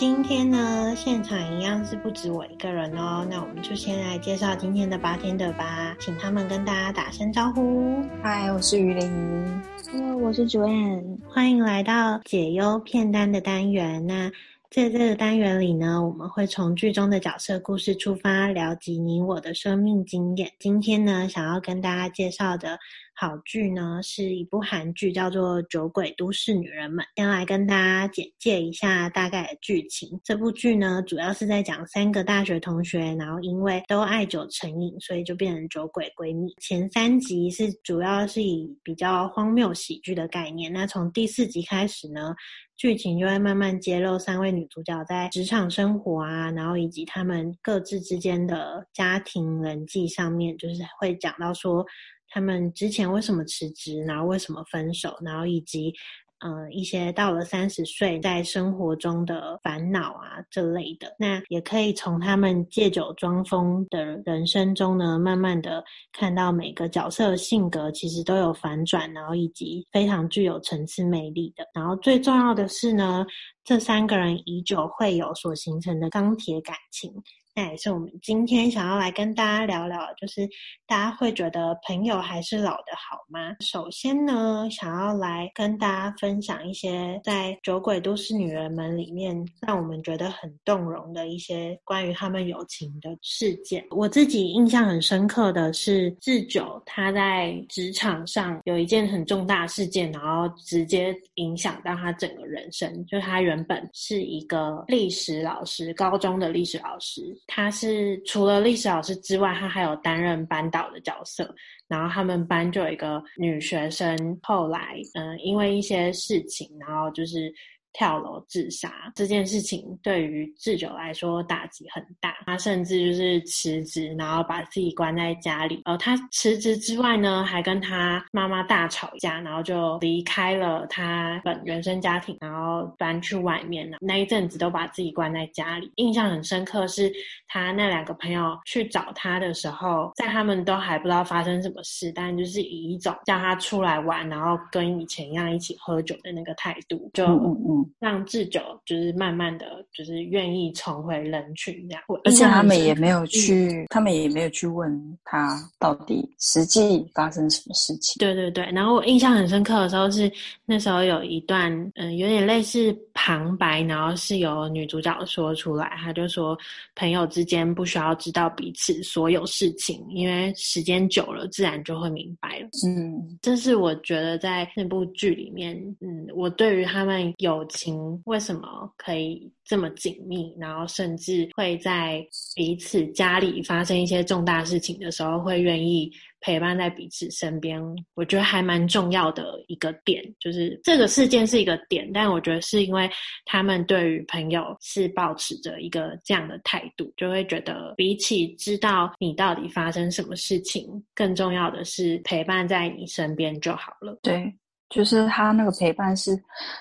今天呢，現場一樣是不止我一個人哦。那我們就先來介紹今天的八天的吧，請他們跟大家打聲招呼。嗨，我是魚鱗。Hello，我是喬安。歡迎來到解憂片單的單元。那在這個單元裡呢，我們會從劇中的角色故事出發，了解你我的生命經驗。今天呢，想要跟大家介紹的。好劇呢，是一部韓劇，叫做《酒鬼都市女人們》。先來跟大家簡介一下大概的劇情。這部劇呢，主要是在講三個大學同學，然後因為都愛酒成癮，所以就變成酒鬼閨蜜。前三集是主要是以比較荒謬喜劇的概念。那從第四集開始呢，劇情就會慢慢揭露三位女主角在職場生活啊，然後以及她們各自之間的家庭人際上面，就是會講到說，他們之前為什麼辭職，然後為什麼分手，然後以及，嗯、呃，一些到了三十歲在生活中的煩惱啊這類的，那也可以從他們借酒裝瘋的人生中呢，慢慢的看到每個角色的性格其實都有反轉，然後以及非常具有層次魅力的。然後最重要的是呢，這三個人以酒會友所形成的鋼鐵感情。那也是我們今天想要來跟大家聊聊，就是大家會覺得朋友還是老的好嗎？首先呢，想要來跟大家分享一些在《酒鬼都市女人們》裡面讓我們覺得很動容的一些關於他們友情的事件。我自己印象很深刻的是智久，他在職場上有一件很重大的事件，然後直接影響到他整個人生。就是他原本是一個歷史老師，高中的歷史老師。他是除了歷史老師之外，他還有擔任班導的角色。然後他們班就有一個女學生，後來嗯、呃，因為一些事情，然後就是。跳樓自殺這件事情對於智久來說打擊很大，他甚至就是辭職，然後把自己關在家裡。呃，他辭職之外呢，還跟他媽媽大吵一架，然後就離開了他本原生家庭，然後搬去外面了。那一陣子都把自己關在家裡。印象很深刻是他那兩個朋友去找他的時候，在他們都還不知道發生什麼事，但就是以一種叫他出來玩，然後跟以前一樣一起喝酒的那個態度，就嗯嗯。嗯嗯讓智久就是慢慢的就是願意重回人群這樣，然後而且他們也沒有去，他們也沒有去問他到底實際發生什麼事情。對對對，然後我印象很深刻的時候是那時候有一段嗯有點類似旁白，然後是由女主角說出來，她就說朋友之間不需要知道彼此所有事情，因為時間久了自然就會明白了。嗯，這是我覺得在那部劇裡面，嗯，我對於他們有情為什麼可以這麼緊密？然後甚至會在彼此家裡發生一些重大事情的時候，會願意陪伴在彼此身邊。我覺得還蠻重要的一個點，就是這個事件是一個點，但我覺得是因為他們對於朋友是保持着一個這樣的態度，就會覺得比起知道你到底發生什麼事情，更重要的是陪伴在你身邊就好了。對。對就是他那個陪伴是，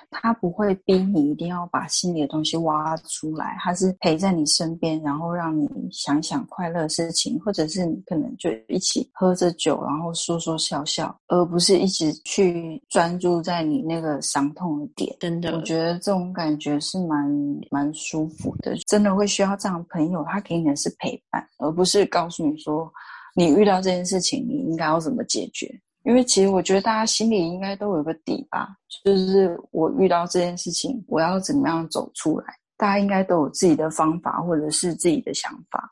他不會逼你一定要把心裡的東西挖出來，他是陪在你身邊，然後讓你想想快樂的事情，或者是你可能就一起喝着酒，然後說說笑笑，而不是一直去專注在你那個傷痛的點。真的，我覺得這種感覺是蠻蠻舒服的，真的會需要這樣的朋友，他給你的是陪伴，而不是告訴你說，你遇到這件事情你應該要怎麼解決。因為其實我覺得大家心裡應該都有個底吧，就是我遇到這件事情，我要怎麼樣走出來？大家應該都有自己的方法或者是自己的想法，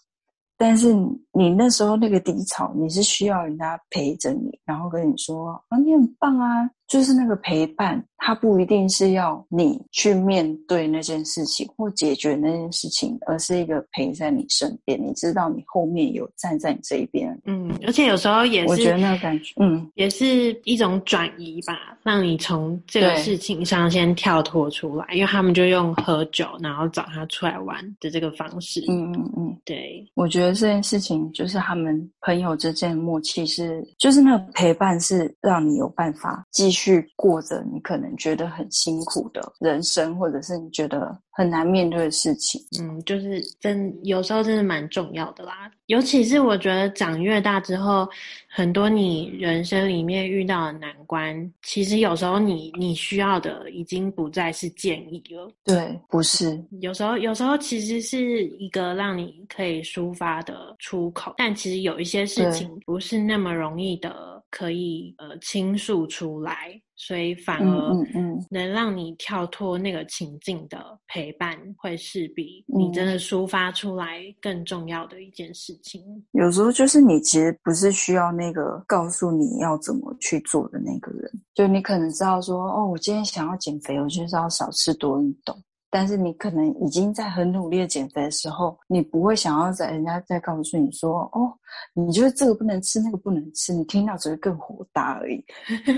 但是你那時候那個低潮，你是需要人家陪着你，然後跟你說啊、哦，你很棒啊！就是那個陪伴，他不一定是要你去面對那件事情或解決那件事情，而是一個陪在你身邊，你知道你後面有站在你這一邊。嗯，而且有時候也是，我覺得那個感覺，嗯，也是一種轉移吧，讓你從這個事情上先跳脫出來。對，因為他們就用喝酒，然後找他出來玩的這個方式。嗯嗯嗯，嗯嗯對，我覺得這件事情就是他們朋友之間的默契是，就是那個陪伴是讓你有辦法繼續去過着你可能覺得很辛苦的人生，或者是你覺得很難面對的事情，嗯，就是真，有時候真的蠻重要的啦。尤其是我覺得長越大之後，很多你人生裡面遇到的難關，其實有時候你你需要的已經不再是建議了。對，不是，有時候有時候其實是一個讓你可以抒發的出口，但其實有一些事情不是那麼容易的。可以呃傾訴出來，所以反而嗯嗯能讓你跳脫那個情境的陪伴會，會是比你真的抒發出來更重要的一件事情。有時候就是你其實不是需要那個告訴你要怎麼去做的那個人，就你可能知道說哦，我今天想要減肥，我就是要少吃多運動。但是你可能已經在很努力的減肥的時候，你不會想要在人家再告訴你說哦。你就是這個不能吃，那個不能吃，你聽到只會更火大而已。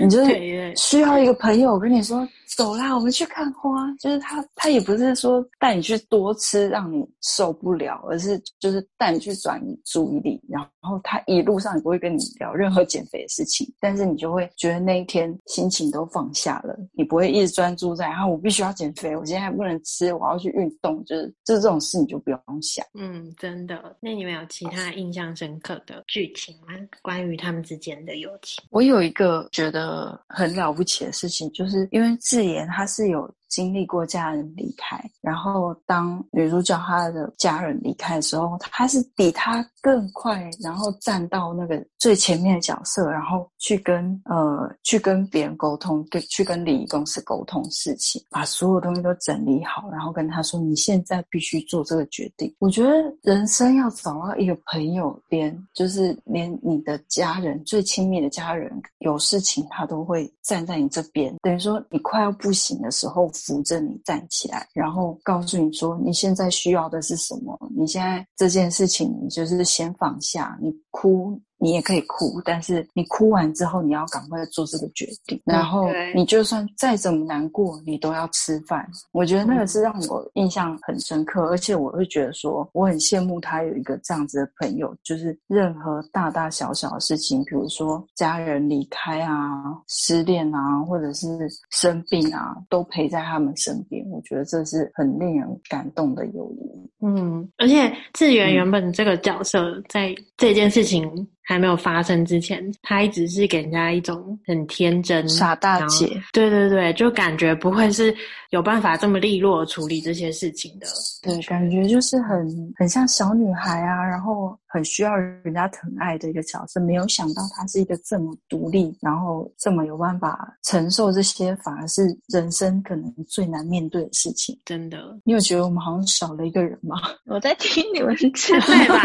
你就是需要一個朋友跟你說：“ 走啦，我們去看花。”就是他，他也不是說帶你去多吃，讓你受不了，而是就是帶你去轉移注意力。然後他一路上也不會跟你聊任何減肥的事情，但是你就會覺得那一天心情都放下了，你不會一直專注在“啊，我必須要減肥，我今天還不能吃，我要去運動。”就是就這種事你就不用想。嗯，真的。那你們有其他的印象深刻？Oh. 的劇情嗎？關於他們之間的友情，我有一個覺得很了不起的事情，就是因為智妍，她是有經歷過家人離開，然後當女主角她的家人離開的時候，她是比她更快，然後站到那個最前面的角色，然後去跟呃去跟別人溝通，對，去跟禮儀公司溝通事情，把所有東西都整理好，然後跟他說：“你現在必須做這個決定。”我覺得人生要找到一個朋友，連就是連你的家人最親密的家人，有事情他都會站在你這邊。等於說你快要不行的時候。扶着你站起來，然後告訴你說：“你現在需要的是什麼？你現在這件事情，你就是先放下你。”哭，你也可以哭，但是你哭完之後你要趕快做這個決定。然後你就算再怎麼難過，你都要吃飯。我覺得那個是讓我印象很深刻，嗯、而且我會覺得說，我很羨慕他有一個這樣子的朋友，就是任何大大小小的事情，比如說家人離開啊、失戀啊，或者是生病啊，都陪在他們身邊。我覺得這是很令人感動的友誼。嗯，而且志源原本這個角色在這件事。事情。還沒有發生之前，她一直是給人家一種很天真，傻大姐。對對對，就感覺不會是有辦法這麼利落處理這些事情的。對，實感覺就是很很像小女孩啊，然後很需要人家疼愛的一個角色。沒有想到她是一個這麼獨立，然後這麼有辦法承受這些，反而是人生可能最難面對的事情。真的，你有覺得我們好像少了一個人嗎？我在聽你們在 吧。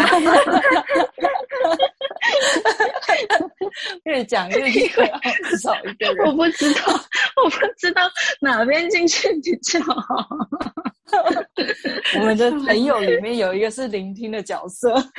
越講越一個因為 少一個人，我不知道，我不知道哪邊進去比較好。 我們的朋友裡面有一個是聆聽的角色。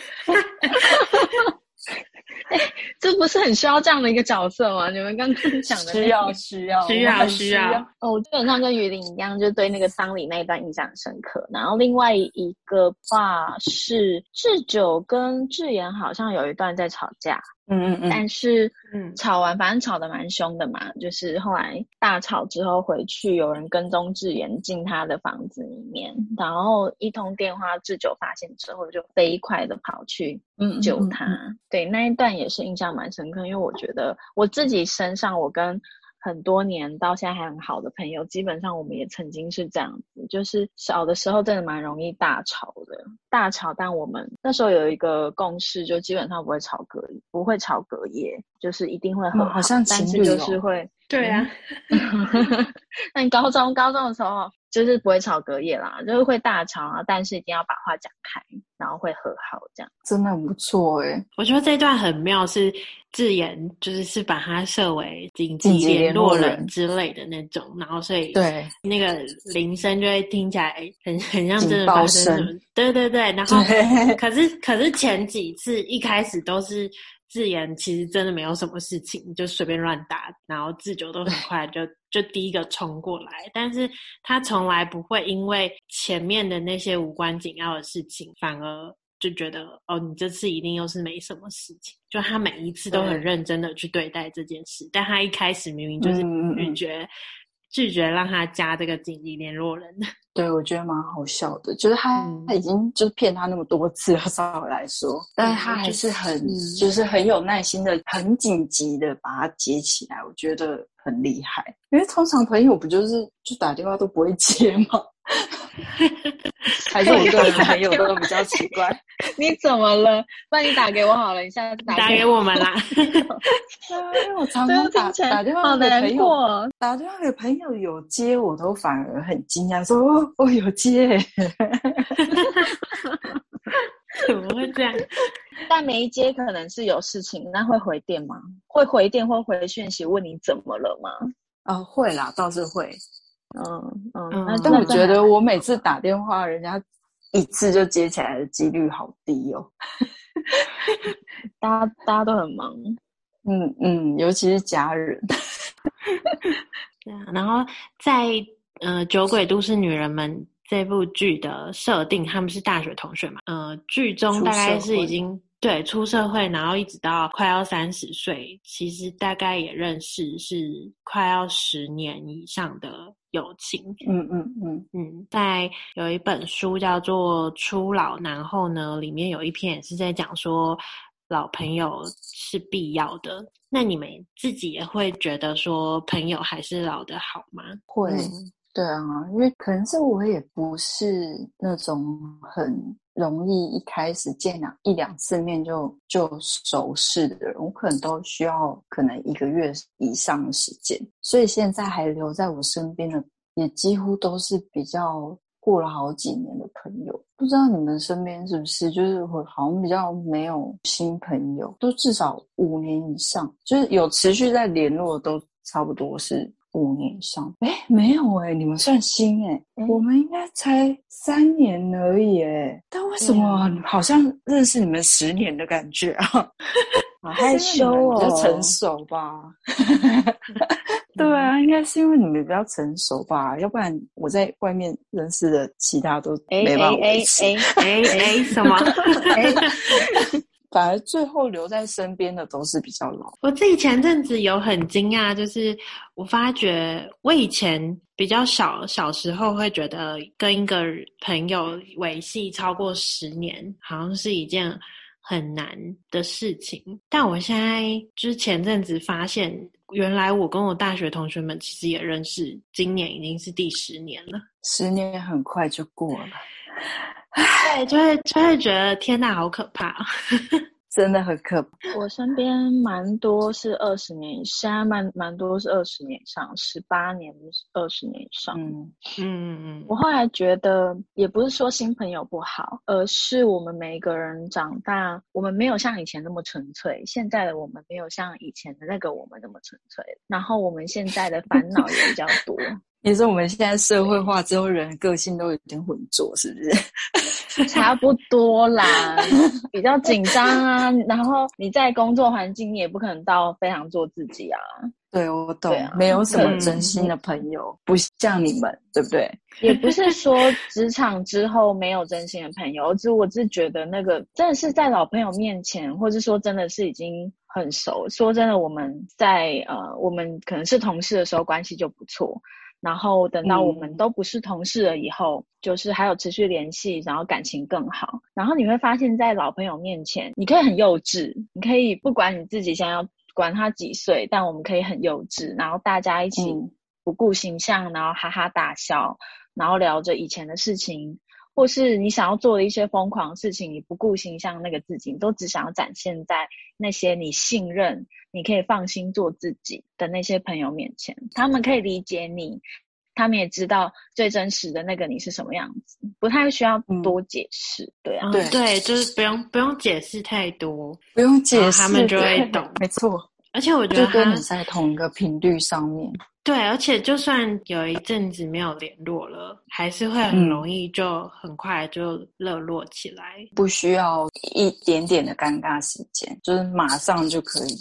哎、欸，這不是很需要這樣的一個角色嗎？你們剛剛講的需要，需要，需要，需要，需要。哦，我基本上跟魚鱗一樣，就對那個喪禮那一段印象深刻。然後另外一個話是智久跟智妍好像有一段在吵架，嗯嗯嗯，但是，嗯，吵完反正吵得蠻兇的嘛，就是後來大吵之後回去，有人跟蹤智妍進她的房子裡面，然後一通電話，智久發現之後就飛快地跑去，嗯，救她。嗯嗯嗯對，那。但也是印象蠻深刻，因為我覺得我自己身上，我跟很多年到現在還很好的朋友，基本上我們也曾經是這樣子，就是小的時候真的蠻容易大吵的，大吵。但我們那時候有一個共識，就基本上不會吵隔不會吵隔夜，就是一定會很好、哦、好像情侶、哦、就是會對呀、啊。那你、嗯、 高中高中的時候，就是不會吵隔夜啦，就是會大吵啊，但是一定要把話講開，然後會和好這樣，真的很不錯誒、欸，我覺得這段很妙是，是自言就是是把它設為緊急聯絡人之類的那種，然後所以對那個鈴聲就會聽起來很很像真的發生什麼的。對對對，然後可是對可是前幾次一開始都是。智妍其實真的沒有什麼事情，就隨便亂打，然後智求都很快就 就第一個衝過來，但是他從來不會因為前面的那些無關緊要的事情，反而就覺得哦，你這次一定又是沒什麼事情，就他每一次都很認真的去對待這件事，對但他一開始明明就是拒、嗯拒絕讓他加這個緊急聯絡人，對，我覺得蠻好笑的。就是他、嗯、他已經就是騙他那麼多次了，照理來說，嗯、但是他還是很、就是、就是很有耐心的，嗯、很緊急的把他接起來，我覺得很厲害。因為通常朋友不就是就打電話都不會接嗎？ 還是一我個我朋友都比較奇怪， 你怎麼了？那你打給我好了，你下次打，打給我們啦、 啊。因為我常常打打電話給朋友，打電話給朋友有接，我都反而很驚訝，說、哦、我、哦、有接。 怎麼會這樣？ 但沒接可能是有事情，那會回電嗎？會回電或回訊息問你怎麼了嗎？啊、哦，會啦，倒是會。嗯嗯，嗯，但我覺得我每次打電話，人家一次就接起來的幾率好低哦。 大家大家都很忙，嗯嗯，尤其是家人。對啊，然後在呃《酒鬼都市女人們》這部劇的設定，他們是大學同學嘛？呃，劇中大概是已經對出社會，然後一直到快要三十歲，其實大概也認識是快要十年以上的。友情嗯，嗯嗯嗯嗯，在、嗯、有一本書叫做《初老》，然後呢，裡面有一篇也是在講說老朋友是必要的。那你們自己也會覺得說朋友還是老的好嗎？嗯、會，對啊，因為可能是我也不是那種很容易一開始見了一兩次面就就熟識的人，我可能都需要可能一個月以上的時間。所以現在還留在我身邊的，也幾乎都是比較過了好幾年的朋友。不知道你們身邊是不是，就是會好像比較沒有新朋友，都至少五年以上，就是有持續在聯絡，都差不多是。五年以上？哎、欸，沒有哎、欸，你們算新哎、欸，欸、我們應該才三年而已哎、欸。但為什麼、欸、好像認識你們十年的感覺啊？好害羞哦、喔，成熟吧？嗯、對啊，應該是因為你們比較成熟吧？要不然我在外面認識的其他都沒辦法哎哎哎哎什麼？欸反而最後留在身邊的都是比較老。我自己前陣子有很驚訝，就是我發覺我以前比較小，小時候會覺得跟一個朋友維繫超過十年，好像是一件很難的事情。但我現在就是前陣子發現，原來我跟我大學同學們其實也認識，今年已經是第十年了。十年也很快就過了。 對，就會就會覺得天吶，好可怕， 真的很可怕。我身邊蠻多是二十年以上，現在蠻蠻多是二十年以上，十八年、二十年以上。嗯嗯嗯。嗯，我後來覺得，也不是說新朋友不好，而是我們每一個人長大，我們沒有像以前那麼純粹。現在的我們沒有像以前的那個我們那麼純粹，然後我們現在的煩惱也比較多。 也是我們現在社會化之後，人的個性都有點混濁，是不是？差不多啦， 比較緊張啊。然後你在工作環境，你也不可能到非常做自己啊。對，我懂，啊、沒有什麼真心的朋友，不像你們，嗯、對不對？也不是說職場之後沒有真心的朋友，只只我只覺得那個真的是在老朋友面前，或是說真的是已經很熟。說真的，我們在呃，我們可能是同事的時候，關係就不錯。然後等到我們都不是同事了以後，嗯、就是還有持續聯繫，然後感情更好。然後你會發現在老朋友面前，你可以很幼稚，你可以不管你自己想要管他幾歲，但我們可以很幼稚，然後大家一起不顧形象，嗯、然後哈哈大笑，然後聊着以前的事情。或是你想要做的一些瘋狂的事情，你不顧形象那個自己，你都只想要展現在那些你信任、你可以放心做自己的那些朋友面前。他們可以理解你，他們也知道最真實的那個你是什麼樣子，不太需要多解釋，嗯、對啊、哦，對，就是不用不用解釋太多，不用解釋他們就會懂，沒錯。而且我覺得就跟你在同一個頻率上面。對，而且就算有一陣子沒有聯絡了，還是會很容易就很快就熱絡起來，嗯，不需要一點點的尷尬時間，就是馬上就可以。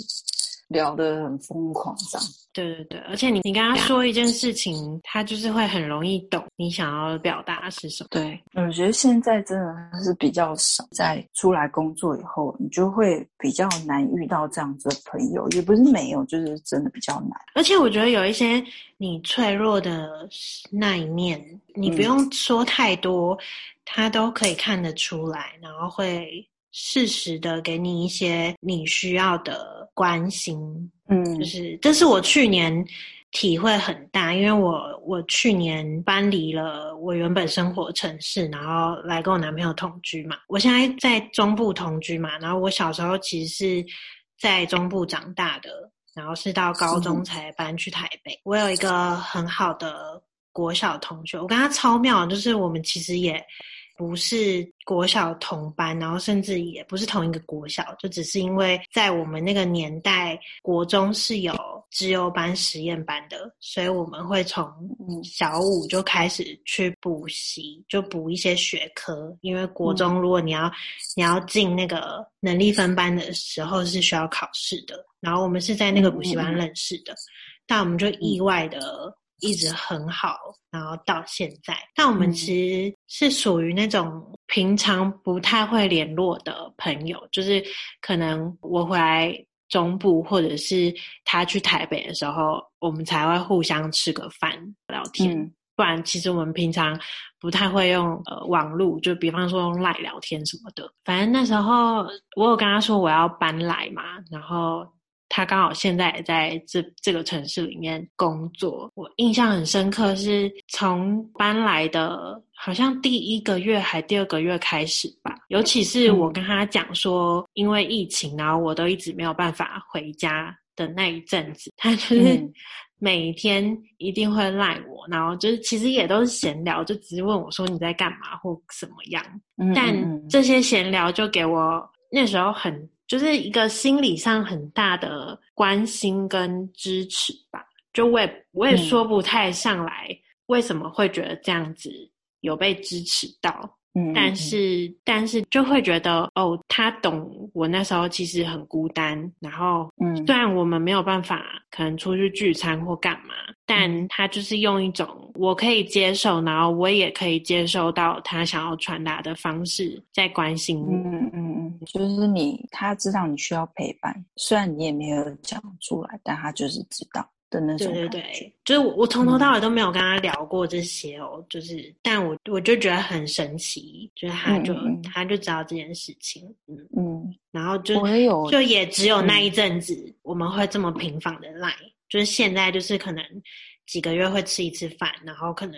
聊得很瘋狂，這樣。對對對，而且你你跟他說一件事情，他就是會很容易懂你想要表達的是什麼。對，我覺得現在真的是比較少，在出來工作以後，你就會比較難遇到這樣子的朋友。也不是沒有，就是真的比較難。而且我覺得有一些你脆弱的那一面，你不用說太多，他都可以看得出來，然後會。適時的給你一些你需要的關心，嗯，就是這是我去年體會很大，因為我我去年搬離了我原本生活城市，然後來跟我男朋友同居嘛。我現在在中部同居嘛，然後我小時候其實是在中部長大的，然後是到高中才搬去台北。嗯，我有一個很好的國小同學，我跟他超妙，就是我們其實也不是國小同班，然後甚至也不是同一個國小，就只是因為在我們那個年代，國中是有資優班、實驗班的，所以我們會從小五就開始去補習，就補一些學科。因為國中如果你要、嗯、你要進那個能力分班的時候是需要考試的，然後我們是在那個補習班認識的，嗯、但我們就意外的。一直很好，然後到現在，但我們其實是屬於那種平常不太會聯絡的朋友，就是可能我回來中部或者是他去台北的時候，我們才會互相吃個飯聊天。嗯、不然，其實我們平常不太會用呃網路，就比方說用 LINE 聊天什麼的。反正那時候我有跟他說我要搬來嘛，然後。他剛好現在也在這這個城市裡面工作。我印象很深刻，是從搬來的，好像第一個月還第二個月開始吧。尤其是我跟他講說，因為疫情，嗯、然後我都一直沒有辦法回家的那一陣子，他就是每天一定會賴我，嗯、然後就是其實也都是閒聊，就只是問我說你在幹嘛或什麼樣。嗯嗯但這些閒聊就給我那時候很。就是一個心理上很大的關心跟支持吧，就我也我也說不太上來，嗯，為什麼會覺得這樣子有被支持到。嗯，嗯，嗯，但是但是就會覺得哦，他懂我那時候其實很孤單。然後，嗯，雖然我們沒有辦法可能出去聚餐或幹嘛，但他就是用一種我可以接受，然後我也可以接受到他想要傳達的方式在關心你。嗯嗯嗯，就是你他知道你需要陪伴，雖然你也沒有講出來，但他就是知道。對對對，就是我，我從頭到尾都沒有跟他聊過這些哦，嗯、就是，但我我就覺得很神奇，就是他就嗯嗯他就知道這件事情，嗯嗯，然後就也就也只有那一陣子我們會這麼頻繁的來，嗯，就是現在就是可能。幾個月會吃一次飯，然後可能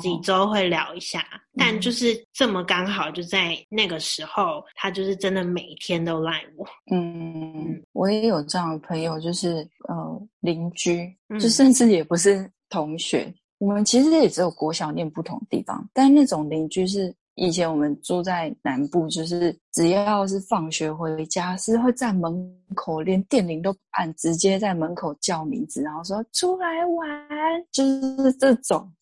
幾週會聊一下，哦哦、但就是這麼剛好就在那個時候，嗯、他就是真的每一天都賴我。嗯，我也有這樣的朋友，就是呃鄰居，就甚至也不是同學，我、嗯、們其實也只有國小念不同的地方，但那種鄰居是。以前我們住在南部，就是只要是放學回家，是會在門口連電鈴都不按，直接在門口叫名字，然後說出來玩，就是這種。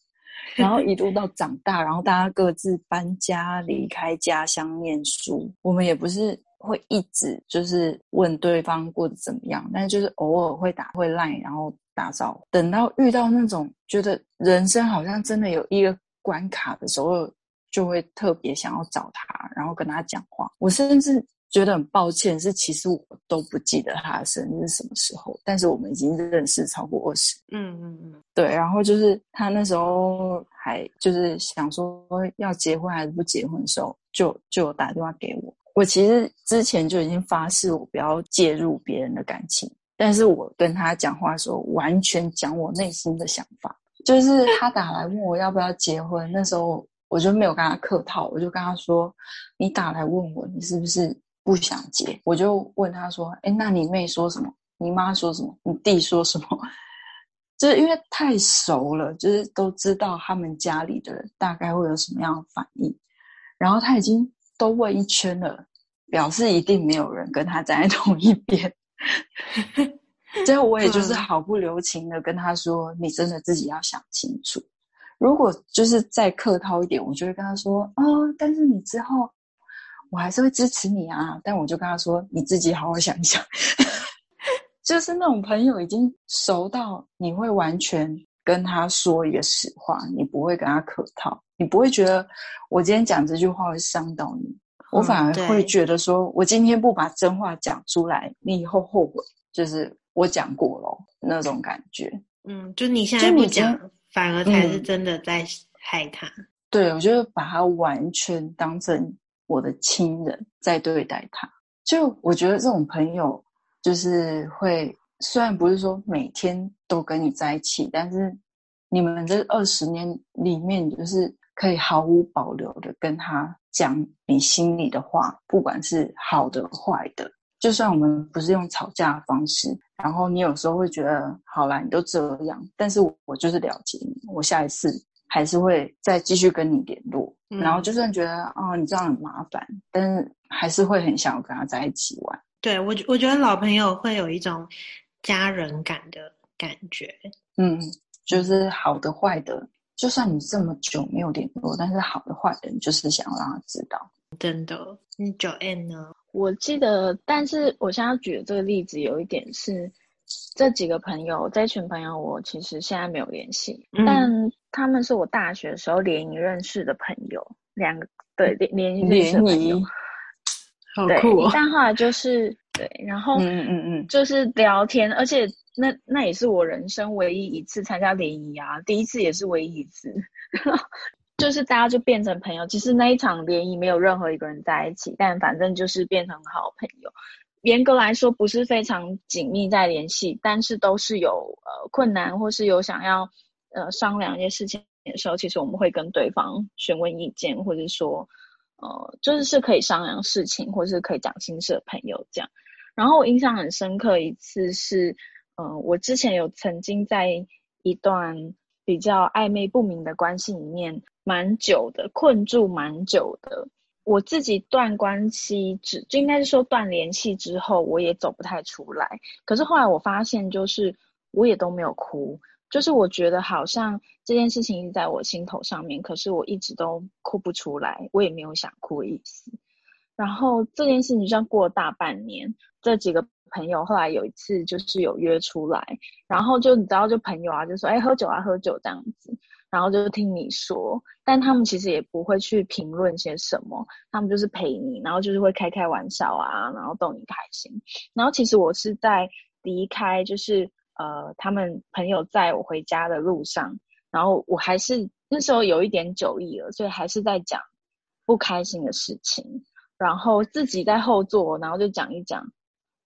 然後一路到長大，然後大家各自搬家離開家鄉念書，我們也不是會一直就是問對方過得怎麼樣，但是就是偶爾會打會 LINE，然後打招呼。等到遇到那種覺得人生好像真的有一個關卡的時候，就會特別想要找他，然後跟他講話。我甚至覺得很抱歉，是其實我都不記得他的生日是什麼時候，但是我們已經認識超過二十。嗯嗯嗯，對。然後就是他那時候還就是想說要結婚還是不結婚的時候，就就打電話給我。我其實之前就已經發誓我不要介入別人的感情，但是我跟他講話的時候，完全講我內心的想法，就是他打來問我要不要結婚，那時候。我就沒有跟他客套，我就跟他說：“你打來問我，你是不是不想接？”我就問他說誒：“那你妹說什麼？你媽說什麼？你弟說什麼？”就是因為太熟了，就是都知道他們家裡的人大概會有什麼樣的反應。然後他已經都問一圈了，表示一定沒有人跟他站在同一邊。最 後我也就是毫不留情的跟他說：“你真的自己要想清楚。”如果就是再客套一點，我就會跟他說啊、哦，但是你之後，我還是會支持你啊。但我就跟他說，你自己好好想一想。 就是那種朋友已經熟到你會完全跟他說一個實話，你不會跟他客套，你不會覺得我今天講這句話會傷到你，嗯、我反而會覺得說，對我今天不把真話講出來，你以後後悔。就是我講過了那種感覺。嗯，就你現在不你講。反而才是真的在害他。嗯，對，我覺得把他完全當成我的親人在對待他。就我覺得這種朋友，就是會雖然不是說每天都跟你在一起，但是你們這二十年裡面，就是可以毫無保留的跟他講你心裡的話，不管是好的壞的。就算我們不是用吵架的方式，然後你有時候會覺得，好啦，你都這樣，但是我我就是了解你，我下一次還是會再繼續跟你聯絡。嗯、然後就算覺得啊、哦，你這樣很麻煩，但是還是會很想跟他在一起玩。對，我我覺得老朋友會有一種家人感的感覺。嗯，就是好的壞的，就算你這麼久沒有聯絡，但是好的壞的，你就是想要讓他知道。真的，你喬安呢？我記得，但是我現在舉的這個例子有一點是，這幾個朋友，這群朋友，我其實現在沒有聯繫，嗯、但他們是我大學的時候聯誼認識的朋友，兩個對聯聯誼認識的朋友，好酷哦！哦但後來就是對，然後嗯嗯嗯嗯，就是聊天，嗯嗯嗯而且那那也是我人生唯一一次參加聯誼啊，第一次也是唯一一次。 就是大家就變成朋友，其實那一場聯誼沒有任何一個人在一起，但反正就是變成好朋友。嚴格來說不是非常緊密在聯繫，但是都是有呃困難或是有想要呃商量一些事情的時候，其實我們會跟對方詢問意見，或者說呃就是是可以商量事情或是可以講心事的朋友這樣。然後我印象很深刻一次是，嗯、呃，我之前有曾經在一段比較曖昧不明的關係裡面。蠻久的，困住蠻久的。我自己斷關係只就應該是說斷聯繫之後，我也走不太出來。可是後來我發現，就是我也都沒有哭，就是我覺得好像這件事情一直在我心頭上面，可是我一直都哭不出來，我也沒有想哭的意思。然後這件事情就像過了大半年。這幾個朋友後來有一次就是有約出來，然後就你知道，就朋友啊，就說哎喝酒啊，喝酒這樣子。然後就聽你說，但他們其實也不會去評論些什麼，他們就是陪你，然後就是會開開玩笑啊，然後逗你開心。然後其實我是在離開，就是呃，他們朋友在我回家的路上，然後我還是那時候有一點酒意了，所以還是在講不開心的事情，然後自己在後座，然後就講一講，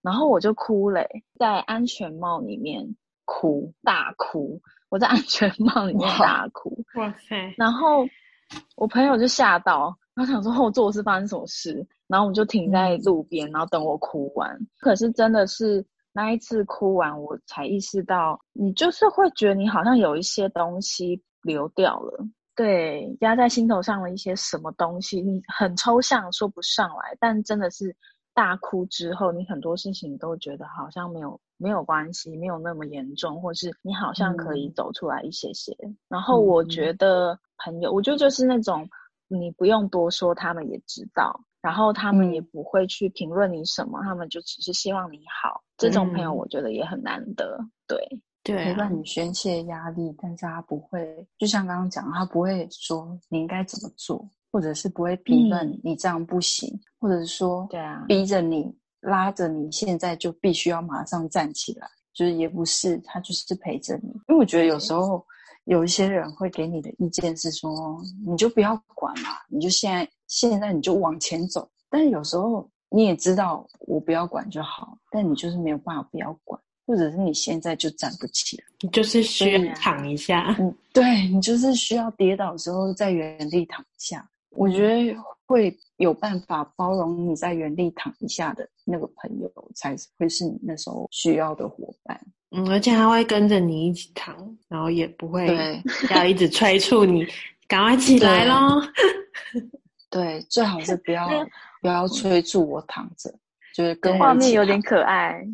然後我就哭了，欸，在安全帽裡面哭，大哭。我在安全帽裡面大哭，哇塞！然後我朋友就嚇到，他想說後座是發生什麼事，然後我們就停在路邊，mm hmm. 然後等我哭完。可是真的是那一次哭完，我才意識到，你就是會覺得你好像有一些東西流掉了，對，壓在心頭上的一些什麼東西，你很抽象說不上來，但真的是大哭之後，你很多事情都覺得好像沒有。沒有關係，沒有那麼嚴重，或是你好像可以走出來一些些。嗯、然後我覺得朋友，我就就是那種你不用多說，他們也知道，然後他們也不會去評論你什麼，嗯、他們就只是希望你好。這種朋友我覺得也很難得，對、嗯、對，陪伴、啊、你宣洩壓力，但是他不會，就像剛剛講，他不會說你應該怎麼做，或者是不會評論你這樣不行，嗯、或者是說對啊，逼着你。拉着你現在就必須要馬上站起來，就是也不是，他就是陪着你，因為我覺得有時候有一些人會給你的意見是說，你就不要管嘛，你就現在現在你就往前走。但有時候你也知道我不要管就好，但你就是沒有辦法不要管，或者是你現在就站不起來，你就是需要躺一下。嗯，對你就是需要跌倒的時候在原地躺下，我覺得。會有辦法包容你在原地躺一下的那個朋友，才會是你那時候需要的夥伴。嗯，而且他會跟着你一起躺，然後也不會對要一直催促你 趕快起來咯。對， 對，最好是不要不要催促我躺着，就是跟著一起躺。跟畫面有點可愛，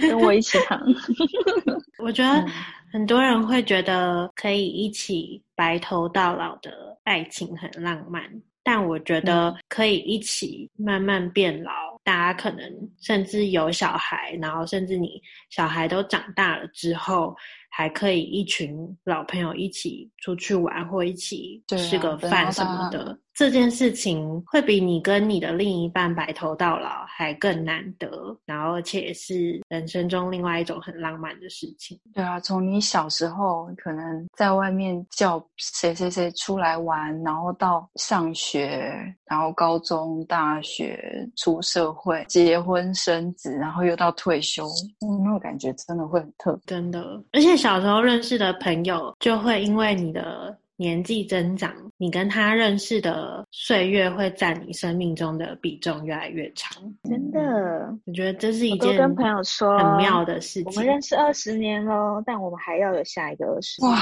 跟我一起躺。 我覺得很多人會覺得可以一起白頭到老的愛情很浪漫。但我覺得可以一起慢慢變老，嗯、大家可能甚至有小孩，然後甚至你小孩都長大了之後，還可以一群老朋友一起出去玩，或一起、嗯、吃個飯什麼的。這件事情會比你跟你的另一半白頭到老還更難得，然後而且是人生中另外一種很浪漫的事情。對啊，從你小時候可能在外面叫誰誰誰出來玩，然後到上學，然後高中、大學、出社會、結婚生子，然後又到退休，那種、個、感覺真的會很特別。真的，而且小時候認識的朋友，就會因為你的。年紀增長，你跟他認識的歲月會占你生命中的比重越來越長。真的、嗯，我覺得這是一件跟朋友說很妙的事情。我們認識二十年咯，但我們還要有下一個二十年。哇，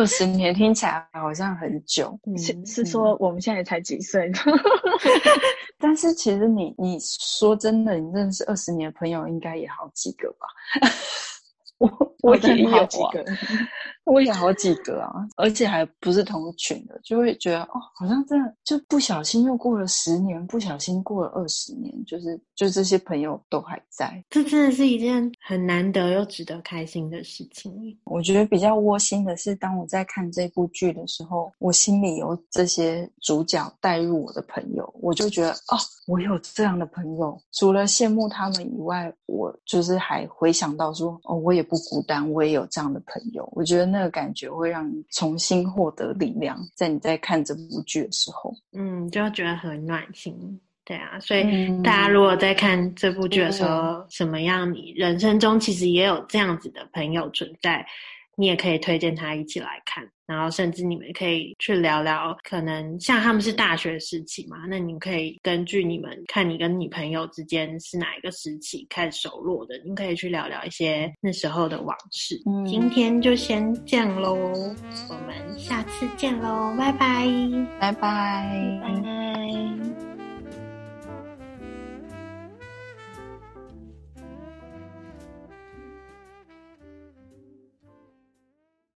二十 年聽起來好像很久，嗯，是，是說我們現在才幾歲？ 但是其實你，你說真的，你認識二十年的朋友應該也好幾個吧？ 我我覺得有幾個。我也好幾個啊，而且還不是同群的，就會覺得哦，好像真的就不小心又過了十年，不小心過了二十年，就是就這些朋友都還在，這真的是一件很難得又值得開心的事情。我覺得比較窩心的是，當我在看這部劇的時候，我心裡有這些主角帶入我的朋友，我就覺得哦，我有這樣的朋友，除了羨慕他們以外，我就是還回想到說哦，我也不孤單，我也有這樣的朋友。我覺得。那個感覺會讓你重新獲得力量，在你在看這部劇的時候，嗯，就會覺得很暖心，對啊。所以大家如果在看這部劇的時候，嗯、什麼樣？你人生中其實也有這樣子的朋友存在。你也可以推薦他一起來看，然後甚至你們可以去聊聊，可能像他們是大學時期嘛，那你可以根據你們看你跟你朋友之間是哪一個時期開始熟絡的，你可以去聊聊一些那時候的往事。嗯、今天就先這樣嘍，我們下次見嘍，拜拜，拜拜，拜拜。